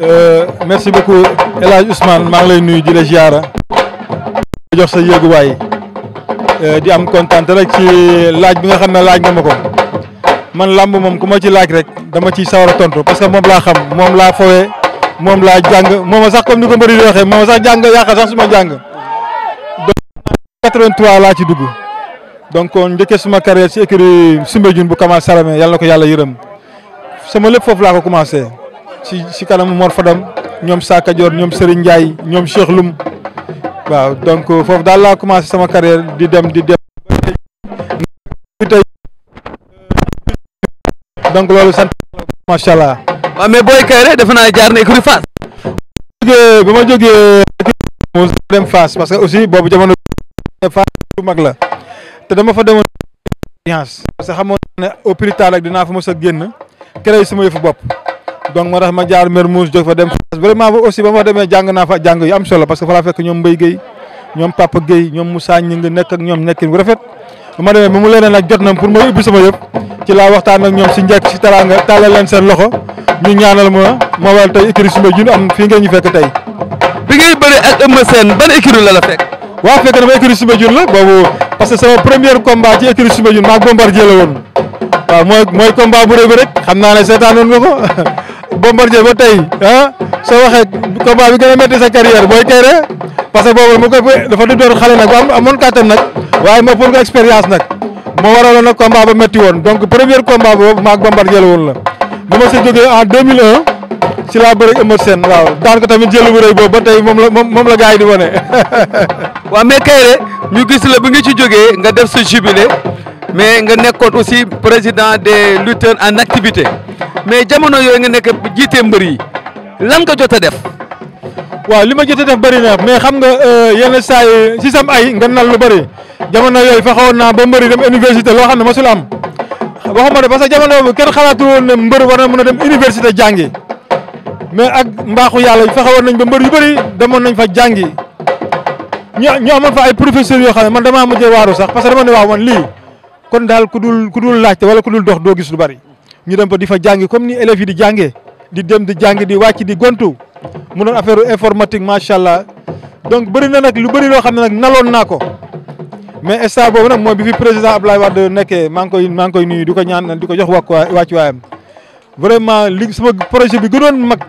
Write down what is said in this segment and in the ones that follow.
Euh, merci beaucoup El Hadj maa ngi lay nuyu di la ziara jox sa yéeguwaay euh, di am kontaan rek ci laaj bi nga xam ne laaj nga ma ko man làmb moom ku ma ci laaj rek dama ci sawar a tontu parce que moom laa xam moom laa fowee moom laa jàng mooma sax comme ni ko mbëri di waxee mooma sax jàng yàqa sax suma jàng donc 83 laa ci dugg donc kon njëkkee suma carrière ci écurie Soumbédioune bu commencé Saramé yàlla na ko yàlla yërëm sama lépp foofu laa ko commencé ci ci kanamu Mor Fadam ñoom Sakka Dior ñoom Serigne Ndiaye ñoom Cheikh Loum waaw donc foofu daal laa commencé sama carrière di dem di dem euh, donc loolu sant macha allah. waaw mais defe naa jaar na écurie Fass. ba ma jógee ba ma dem Fass parce que aussi boobu jamono Fass mag la te dama fa demoon expérience parce que xamoon ne au plus dinaa fa mos a génn créé sama yëfu bopp. donc moo tax ma jaar Mermoz jóg fa dem vraiment aussi ba ma demee jàng naa fa jàng yu am solo parce que fa laa fekk ñoom Mbaye Guèye ñoom Papa Guèye ñoom Moussa ñi ngi nekk ñoom nekkin bu rafet ba ma demee ba mu leneen nag jot na pour ma ubbi sama yëpp ci laa waxtaan ak ñoom si njëkk si teraanga tàllal seen loxo ñu ñaanal ma ma wal tey écurie Soumbédioune jun am fii ngeen ñu fekk tey bi ngay bëri ak Eumeu Sène ban écurie la la fekk waaw fekk na ma écurie Soumbédioune la boobu parce que sama premier combat ci écurie Soumbédioune maag xam naa ne seetaanoon Bombardier ba tey ah soo waxee combat bi gën a métti sa carrière booy Kaïré parce que boobu mu koy dafa dundoon xale nag am amoon kàttan nag waaye moo pour nga expérience nag moo waraloon nag combat ba métti woon donc premier combat boobu maag Bombardier la woon la. bu ma si jógee en 2001 si laa bëri Eumeu Sène waaw daan ko tamit jël bu rëy boobu ba tey moom la moom la gars yi di wane. waaw mais Kaïré ñu gis la bi nga ci jógee nga def sa jubilé mais nga nekkoon aussi président des lutteurs en activité. mais jamono yooyu nga nekk jiitee mbër yi lan nga jot a def. waaw li ma jot a def bëri na mais xam nga euh, yenn saa yi si sam ay nga nal lu bari jamono yooyu fexewoon naa ba mbëri dem loo xam ne mosul am waxuma ne parce que jamono boobu kenn xalaatu woon ne mbër war na mën a dem université jàngi mais ak mbaaxu yàlla fexewoon nañ ba mbër yu bëri demoon nañ fa jàngi ñu ñu amoon fa ay professeurs yoo xam ne man damaa mujjee waaru sax parce que dama ne waaw man lii kon daal ku dul ku dul laajte wala ku dul dox doo gis lu bëri. ñu dem ba di fa jàngi comme ni élèves yi di jàngee di dem di jàngi di wàcc di gontu mu doon affaire informatique macha allah donc bëri na nag lu bëri loo xam ne nag naloon naa ko mais instant boobu nag mooy bi fi président Abdoulaye Wade nekkee maa ngi koy maa ngi koy nuyu di ko ñaan di ko jox wàccu waayam vraiment li sama projet bi gënoon mag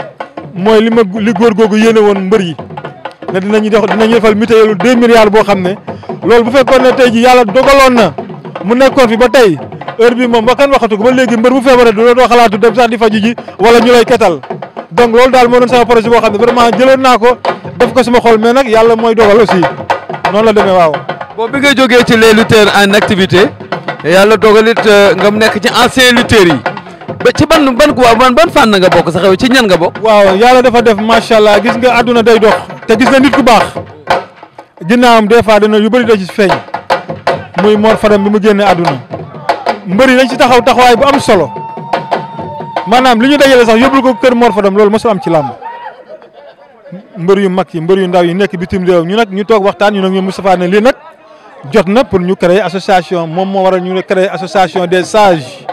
mooy li ma li góor googu yéene woon mbër yi ne dinañu def dinañu defal mutuelle deux milliards boo xam ne loolu bu fekkoon ne tey ji yàlla dogaloon na mu nekkoon fi ba tey heure bi moom ba kan waxatu ko ba léegi mbër bu feebaree du doo xalaatu dem sax di faju ji wala ñu lay ketal donc loolu daal moo doon sama projet boo xam ne naa ko def ko sama xol mais nag yàlla mooy dogal aussi noonu la demee waaw. bon bi nga jógee ci les lutteurs en activité yàlla dogalit euh, nga mu nekk ci anciens lutteurs yi ba ci ban ban quoi ban ban fànn nga bokk sax ci ñan nga bokk. waaw yàlla dafa def macha allah gis nga àdduna day dox te gis nga nit ku baax ginnaawam des fois dana yu bëri da ci feeñ muy Mor Fadam bi mu génnee àdduna. mbër yi dañ ci taxaw taxawaay bu am solo maanaam li ñu dajale sax yóbbul ko kër Mor Fadam loolu mosul am ci làmb mbër yu mag yi mbër yu ndaw yi nekk bitim réew ñu nag ñu toog waxtaan ñu nag ñoom Moustapha ne lii nag jot na pour ñu créer association moom moo waral ñu créer association des sages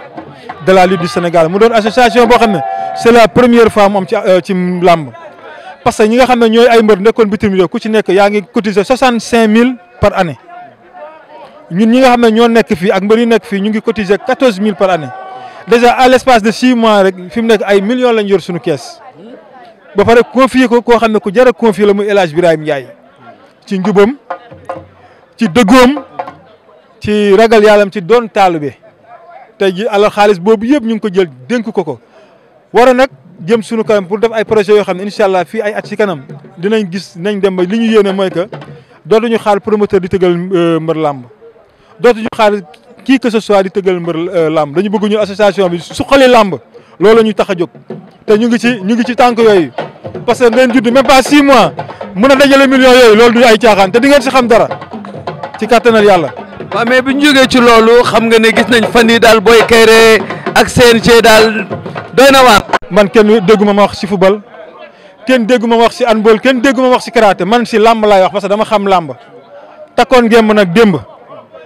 de la lutte du Sénégal mu doon association boo xam ne c'est la première fois mu am euh, ci làmb parce que ñi nga xam ne ñooy ay mbër nekkoon bitim réew ku ci nekk yaa ngi cotiser soixante-cinq mille par année. ñun ñi nga xam ne ñoo nekk fii ak mbër yi nekk fii ñu ngi cotiser quatorze mille par année déjà à l' de six mois rek fi mu nekk ay millions lañ yor suñu kees ba pare confier ko koo xam ne ku jar a confier la muy El Hadj Birahim Ndiaye ci njubam ci dëggoom ci ragal yàllam ci doon taalibe tey ji alors xaalis boobu yëpp ñu ngi ko jël dénk ko ko waroon nag jëm suñu kanam pour def ay projet yoo xam ne incha allah fii ay at ci kanam dinañ gis nañ dem ba li ñu yéene mooy que dootuñu xaar promoteur di tëgal euh, mbër làmb dootuñu xaar kii que ce soit di tëggal mbër euh, làmb dañu bëgguñu association bi suqali làmb loolu ñu tax a jóg. te ñu ngi ci ñu ngi ci tànk yooyu parce que ngeen judd même pas 6 mois mën a dajale millions yooyu loolu du ay caaxaan te di ngeen si xam dara ci kattanal yàlla. waaw mais bi ñu jógee ci loolu xam nga ne gis nañ fan yii daal booy Kaïré ak CNG daal doy na waar. man kenn dégguma ma wax si football kenn dégguma ma wax si handball kenn dégguma ma wax si karaté man si làmb laay wax parce que dama xam làmb takkoon ngémb nag démb.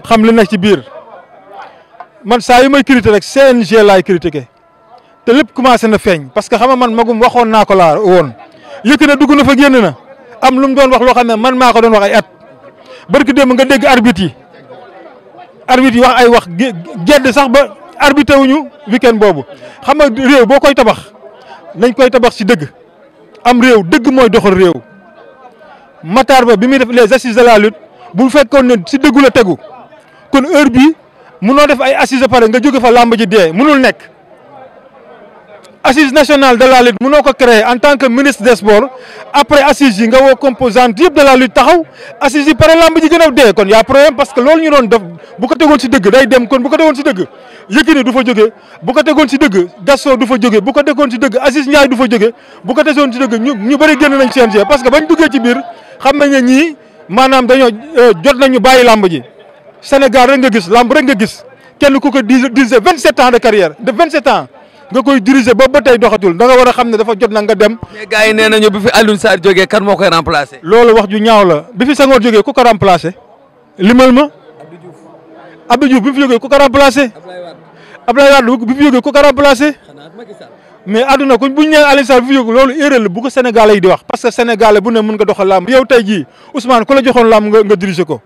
xam li nekk ci biir man saa yu may critiquer rek CNG laay critiquer te lépp commencé na feeñ parce que xam nga man magum waxoon naa ko laa woon yëkk na dugg na fa génn na am lu mu doon wax loo xam ne man maa ko doon wax ay at barki démb nga dégg arbitre yi arbitre yi wax ay wax gedd sax ba arbitre wuñu weekend boobu xam nga réew boo koy tabax nañ koy tabax ci dëgg am réew dëgg mooy doxal réew Matar Ba bi muy def les assises de la lutte bu fekkoon ne ci dëggu la tegu kon heure bii munoo def ay assises pare nga jóge fa làmb ji dee munul nekk. assise nationale de la lutte munoo ko créer en tant que ministre des sports après assise yi nga woo composante yëpp de la taxaw assise yi pare làmb ji gën a kon y' a problème parce que loolu ñu doon def bu ko tegoon si dëgg day dem kon bu ko tegoon si dëgg Yékini du fa jógee bu ko si dëgg Gaston du fa jóge bu ko tegoon si dëgg Aziz Ndiaye du fa jógee ko tegoon si dëgg ñu bëri génn nañ CNG parce que bañ duggee ci biir xam nañ ne ñii maanaam dañoo euh, jot nañu bàyyi làmb ji. Sénégal rek nga gis lamb rek nga gis kenn ku ko diriger vingt sept ans de carrière de vingt sept ans nga koy diriger ba ba tey doxatul da war a xam ne dafa jot na nga dem. mais gars yi nee nañu bi fi Alioune Sarr jógee kan moo koy remplacer. loolu wax ju ñaaw la bi fi Senghor jógee ku ko remplacer limal ma Abdou Diouf bi fi jógee ko remplacer Abdoulaye Wade bi fi jógee ku ko remplacer mais àdduna ko bu ñu nee Alioune bi fi jógee loolu erreur la bu ko yi di wax. parce que sénégalais bu ne mën nga doxal lamb yow tey ji Ousmane ku la joxoon lamb nga nga diriger ko.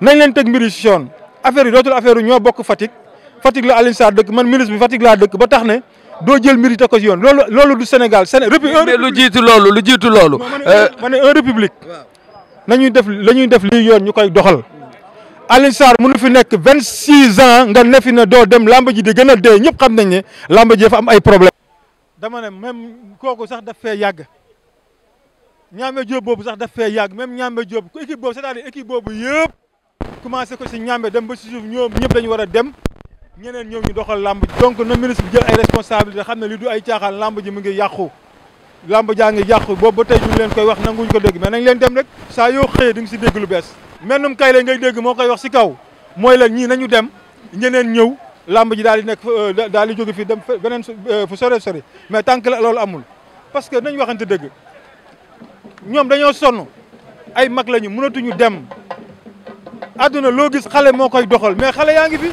nañ leen teg mbir yi si yoon affaire yi dootul ñoo bokk Fatick Fatick la Alioune Sarr dëkk man ministre bi Fatick laa dëkk ba tax ne doo jël mbir yi ko si yoon loolu loolu du Sénégal Séné. mais lu jiitu loolu lu jiitu loolu. Euh, ma ne un république nañuy def la ñuy def lii yoon ñu koy doxal. Alioune Sarr mënu fi nekk vingt six ans nga ne fi doo dem làmb ji di gën a dee ñëpp xam nañ ne làmb ji dafa am ay problème dama ne même kooku sax daf fee yàgg ñaame Diop boobu sax daf fee yàgg même ñaame Diop ku équipe boobu cest boobu yëpp. commencé ko si ñàmbe dem ba si suuf ñoom ñëpp dañu war a dem ñeneen ñëw ñu doxal làmb ji donc na ministre bi jël ay responsabilité xam ne li du ay caaxaan làmb ji mu ngi yàqu làmb jaa ngi yàqu boobu ba tey ñu leen koy wax nanguñ ko dégg mais nañ leen dem rek saa yoo di nga si dégg lu bees mennum kay la ngay dégg moo koy wax si kaw mooy leen ñii nañu dem ñeneen ñëw làmb ji daal di nekk euh, daal di jóge fii dem beneen euh, fu sore sore mais tant que loolu amul parce que nañ waxante dëgg ñoom dañoo sonn ay mag lañu mënatuñu dem àdduna loo gis xale moo koy doxal mais xale yaa ngi fi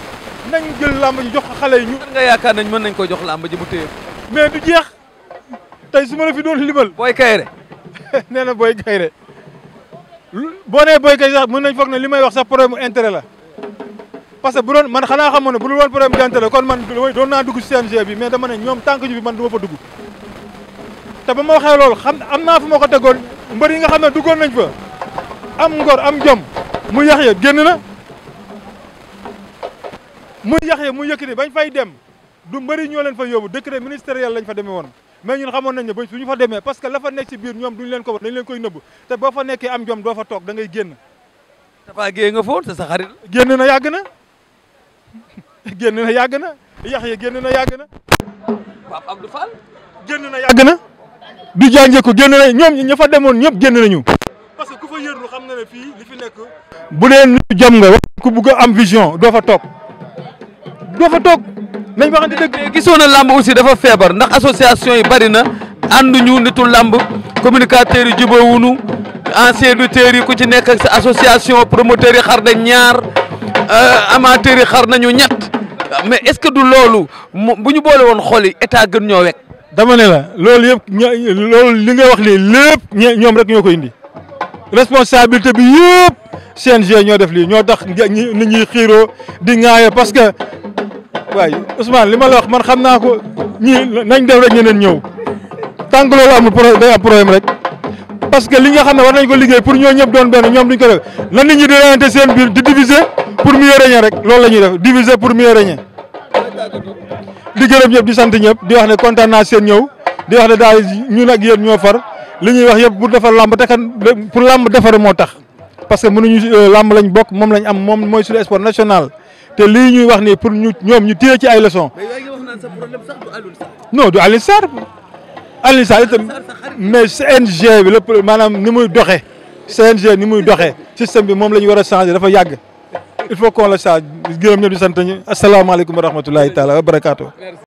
nañ jël làmb ji jox ko xale yi ñu. yaakaar nañ mën nañ ko jox làmb ji mu téye mais du jeex tey su ma la fi doon limal. booy kayre nee na booy kayre boo nee booy kay sax mën nañ foog ne li may wax sax problème mu la parce que bu doon man xanaa xamoon ne bu dul woon problème d'intérêt kon man doon naa dugg CNG bi mais dama ne ñoom tànk ñu fi man du ma dugg te ba ma waxee loolu xam am naa fu ma ko tegoon mbër yi nga xam ne duggoon nañ fa am ngor am jom. mu Yaxya génn na mu Yaxya mu Yékini bañ fay dem du mbëri ñoo leen fa yóbbu décret ministériel lañ fa demee woon mais ñun xamoon nañ ne ba suñu fa demee parce que la fa nekk ci biir ñoom duñu leen ko wax dañ leen koy nëbb te boo fa nekkee am jom doo fa toog da ngay génn dafa géey nga foon te sa xarit génn na yàgg na génn na yàgg na Yaxya génn na yàgg na Pape Abdou na yàgg na du jàngee ko génn na ñoom ñi ña fa demoon ñëpp génn nañu bu dee ñu jom nga wax ku bugg a am vision doo fa toog doo fa toog nañ waxante dëgg. gisoo na làmb aussi dafa feebar ndax association yi bari na ànduñu nitu làmb communicateurs yi jubóowuñu ancien lutteurs yi ku ci nekk ak sa association promoteurs yi xar na ñaar euh, amateurs yi xar nañu ñett mais est-ce que du loolu bu ñu boole woon xool yi état gën ñoo wekk. dama ne la loolu yëpp ño loolu li nga wax nii lépp ñoom rek ñoo ko indi. responsabilité bi yëpp CNG ñoo def lii ñoo tax nit ñuy xiiroo di ŋaayo parce que waaye Ousmane li ma la wax man xam naa ko ñi nañ def rek ñeneen ñëw tant que loolu amul pro day am problème rek. parce que li nga xam ne war nañ ko liggéey pour ñoo ñëpp doon benn ñoom duñ ko def na nit di reyante seen biir di diviser pour mieux régner rek loolu la ñuy def diviser pour mieux régner. di gërëm ñëpp di sant ñëpp di wax ne kontaan naa seen ñëw di wax ne daal ñu ak yéen ñoo far. li ñuy wax yëpp bu defar làmb te kan pour làmb defaru moo tax parce que mënuñu euh, làmb lañ bokk moom lañ am moom mooy suñu sport national te lii ñuy wax nii pour ñu ñoom ñu téye ci ay leçons. non du Alioune Sarr Alioune Sarr itam mais CNG bi lépp maanaam ni muy doxee CNG ni muy doxee système bi moom la ñu war a changer dafa yàgg il faut qu'on le change gërëm ñëpp di sant ñu asalaamaaleykum wa rahmatulahi taala wa barakaatu.